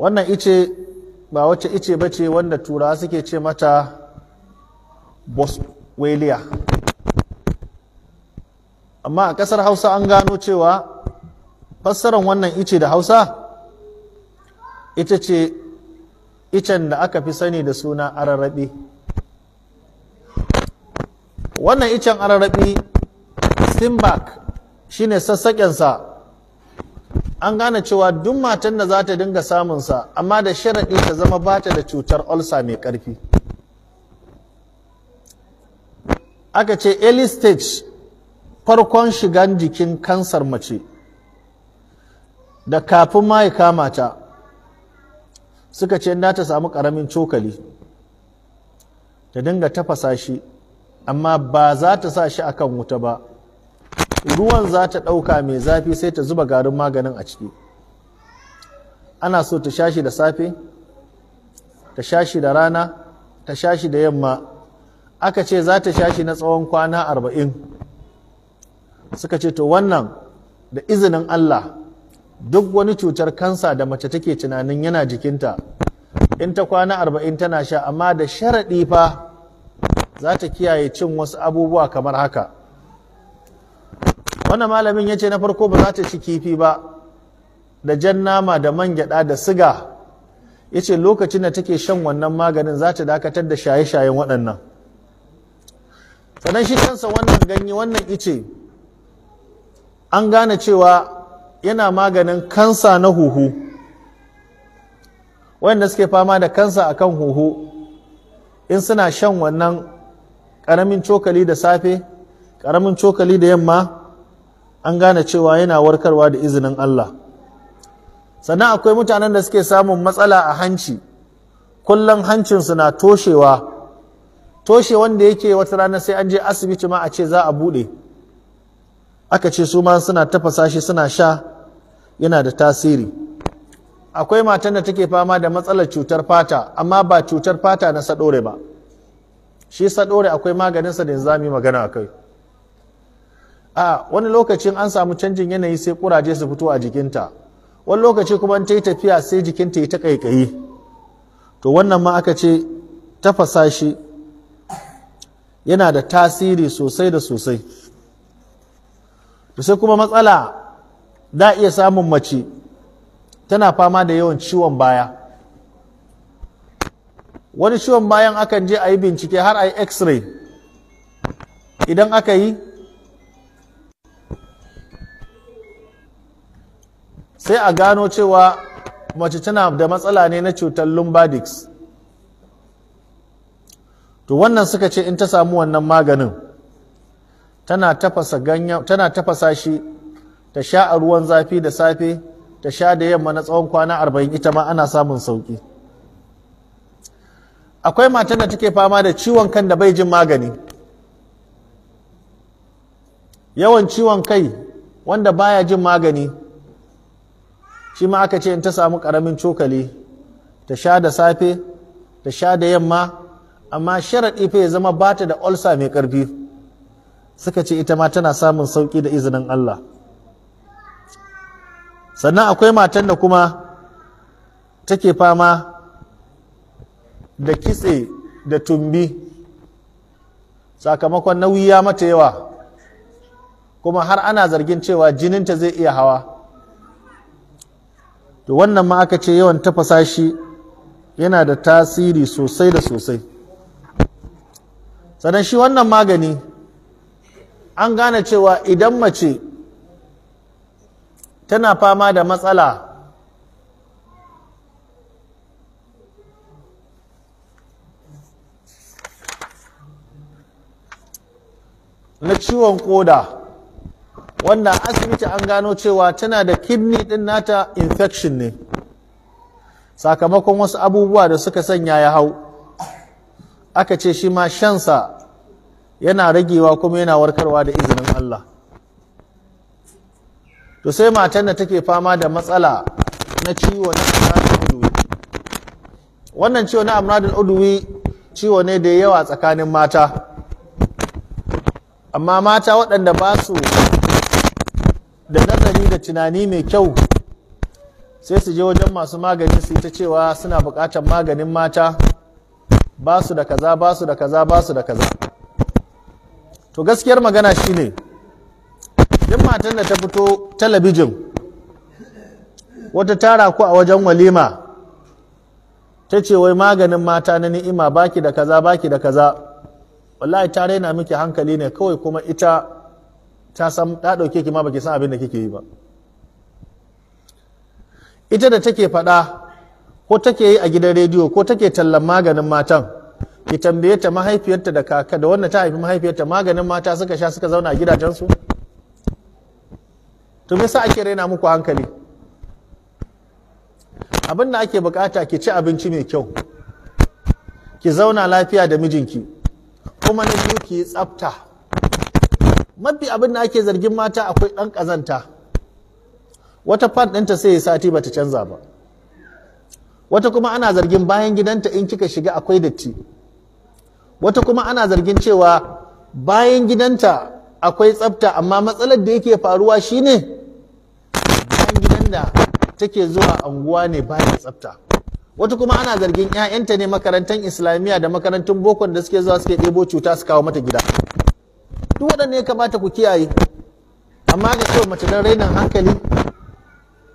wannan ice ba wacce ice ba ce wanda turawa suke ce mata boswellia amma a ƙasar hausa an gano cewa fassarar wannan ice da hausa ita ce icen da aka fi sani da suna ararrabe wannan icen ararrabe simbak shine sassaƙensa an gane cewa duk matan da za ta dinga samunsa amma da sharaɗi ta zama ba ta da cutar olsa mai ƙarfi aka ce early stage farkon shigan jikin kansar mace da kafin ma ya kama ta suka ce na ta samu ƙaramin cokali ta dinga tafasa shi amma ba za ta sa shi akan wuta ba ruwan za ta ɗauka mai zafi sai ta zuba garin maganin a ciki ana so ta shashi da safe ta shashi da rana ta shashi da yamma aka ce za ta shashi na tsawon kwana arba'in suka ce to wannan da izinin Allah duk wani cutar kansa da mace take tunanin yana jikinta in ta kwana arba'in tana sha amma da sharaɗi fa za ta kiyaye cin wasu abubuwa kamar haka wannan malamin ya ce na farko ba za ta ci kifi ba da jan nama da man gyada da siga ya ce lokacin da take shan wannan maganin za ta dakatar da shaye-shayen waɗannan sannan shi kansa wannan ganye wannan ice an gane cewa yana maganin kansa na huhu wanda suke fama da kansa akan huhu in suna shan wannan ƙaramin cokali da safe ƙaramin cokali da yamma an gane cewa yana warkarwa da izinin Allah sannan akwai mutanen da suke samun matsala a hanci kullum hancinsu na toshewa toshe wanda yake wata rana sai an je asibiti ma a ce za a buɗe aka ce su ma suna tafasa shi suna sha yana da tasiri akwai matan da take fama da matsalar cutar fata amma ba cutar fata na saɗore ba shi saɗore akwai maganinsa da yi magana akai a wani lokacin an samu canjin yanayi sai kuraje su fito a jikinta wani lokaci kuma ta yi tafiya sai jikinta ya ta kaikayi to wannan ma aka ce tafasa shi yana da tasiri sosai da sosai to sai kuma matsala da iya samun mace tana fama da yawan ciwon baya wani ciwon bayan akan je a yi bincike har a yi x-ray idan aka yi sai a gano cewa mace tana da matsala ne na cutar lumbadix to wannan suka ce in ta samu wannan maganin tana tafasa shi ta sha a ruwan zafi da safe ta sha da yamma na tsawon kwana arba'in ita ma ana samun sauki akwai matan da take fama da ciwon kan da bai jin magani yawan ciwon kai wanda baya jin magani shi ma aka ce in ta samu ƙaramin cokali ta sha da safe ta sha da yamma amma sharaɗi fa ya zama ba ta da olsa mai ƙarfi suka ce ita ma tana samun sauƙi da izinin Allah sannan akwai matan da kuma take fama da kitse da tumbi sakamakon nauyi ya mata yawa kuma har ana zargin cewa jininta zai iya hawa to wannan ma aka ce yawan tafasa shi yana da tasiri sosai da sosai sannan shi wannan magani an gane cewa idan mace tana fama da matsala na ciwon koda wanda asibiti an gano cewa tana da kidney din nata infection ne sakamakon wasu abubuwa da suka sanya ya hau aka ce shi ma shansa yana ragewa kuma yana warkarwa da izinin Allah to sai matan da take fama da matsala na ciwo na amradin wannan ciwo na amradin uduwi ciwo ne da yawa tsakanin mata amma mata waɗanda ba su da nazari da tunani mai kyau sai su je wajen masu magani su yi ta cewa suna buƙatar maganin mata ba su da kaza ba su da kaza ba su da kaza to gaskiyar magana shine duk matan da ta fito talabijin wata tara ku a wajen walima ta ce wai maganin mata na ni'ima baki da kaza baki da kaza wallahi ta na miki hankali ne kawai kuma ita ta san ta dauke ki ma baki san abin da kike yi ba ita da take faɗa ko take yi a gidan rediyo ko take tallan maganin matan ki tambaye ta mahaifiyarta da kaka da wannan ta haifi mahaifiyarta maganin mata suka sha suka zauna a gidajen su. to me yasa ake raina muku hankali abin da ake bukata ki ci abinci mai kyau ki zauna lafiya da mijinki kuma na biyu ki yi tsafta mafi abin da ake zargin mata akwai ɗan ƙazanta wata fan ɗinta sai ya sati bata canza ba wata kuma ana zargin bayan gidanta in kika shiga akwai datti wata kuma ana zargin cewa bayan gidanta akwai tsafta amma matsalar da yake faruwa shine bayan gidan da take zuwa anguwa ne bayan tsafta wata kuma ana zargin 'ya'yanta ne makarantar islamiyya da makarantun bokon da suke zuwa suke ɗebo cuta su kawo mata gida duk waɗanne ya kamata ku kiyaye amma ga cewa mace dan rainan hankali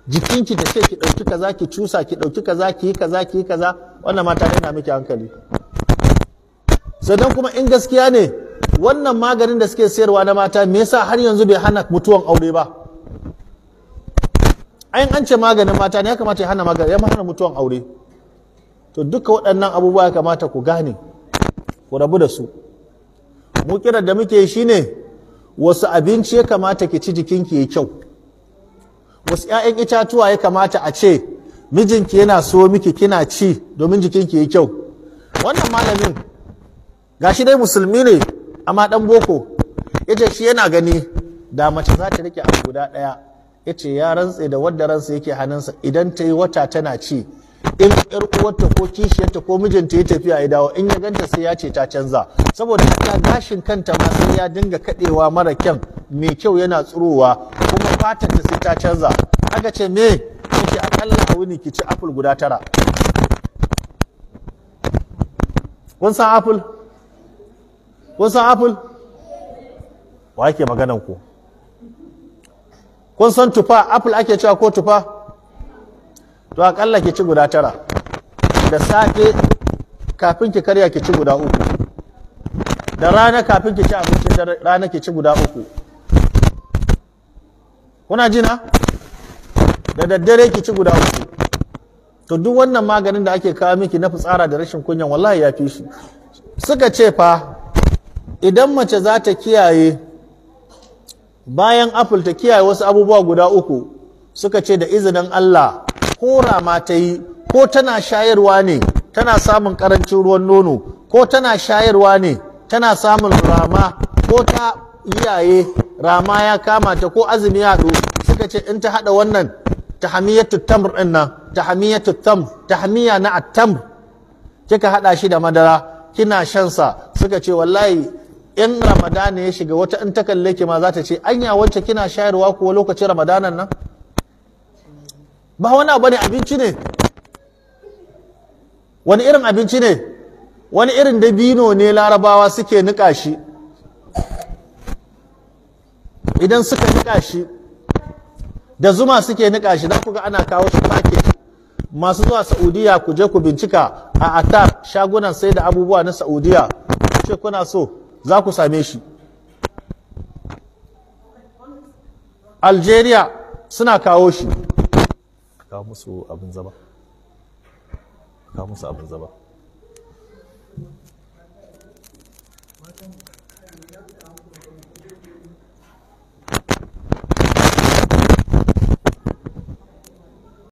jikinki da ce ki ɗauki kaza ki cusa ki ɗauki kaza ki yi kaza ki yi kaza wannan mata raina miki hankali sannan kuma in gaskiya ne wannan maganin da suke sayarwa na mata me yasa har yanzu bai hana mutuwan aure ba ayin an ce maganin mata ne ya kamata ya hana maganin ya hana mutuwan aure to duka waɗannan abubuwa ya kamata ku gane ku rabu da su Mukirar da muke shi ne wasu abinci ya kamata ki ci jikinki ya kyau wasu 'ya'yan itatuwa ya kamata a ce mijinki yana so miki kina ci domin jikinki ya kyau wannan malamin gashi dai musulmi ne amma dan boko yace shi yana gani da mace za ta rike abu guda ɗaya yace ya rantse da wadda ransa yake hannunsa idan ta yi wata tana ci in yar uwarta ko kishiyarta ko mijinta ya tafi ya dawo in ya ganta sai ya ce ta canza saboda haka gashin kanta ma sai ya dinga kadewa mara kyan mai kyau yana tsurowa kuma fatanta ta sai ta canza aka ce me yake akalla a wuni ki ci apple guda tara kun san apple kun san apple wa yake maganan ku kun san tufa apple ake cewa ko tufa to akalla ki ci guda tara da safe kafin ki karya ki ci guda uku da rana kafin ki ci abinci da rana ki ci guda uku kuna jina da daddare ki ci guda uku to duk wannan maganin da ake kawo miki na fitsara da rashin kunyan wallahi ya fi shi suka ce fa idan mace za ta kiyaye bayan apple ta kiyaye wasu abubuwa guda uku suka ce da izinin Allah ko rama ta yi ko tana shayarwa ne tana samun karancin ruwan nono ko tana shayarwa ne tana samun rama ko ta iyaye rama ya kama ta ko azumi ya suka ce in ta haɗa wannan tahamiyatu tamr ɗin nan tahamiyatu tamr tahmiya na attamr kika haɗa shi da madara kina shansa suka ce wallahi in ramadana ya shiga wata in ta kalle ki ma za ta ce anya wacce kina shayarwa kuwa lokacin ramadanan nan ba wani abu ne abinci ne wani irin abinci ne wani irin dabino ne larabawa suke niƙa shi idan suka niƙa shi da zuma suke niƙa shi za ku ga ana kawo shi fake masu zuwa saudiya ku je ku bincika a atar shagunan sai da abubuwa na saudiya ce kuna so za ku same shi algeria suna kawo shi kawo musu abin zama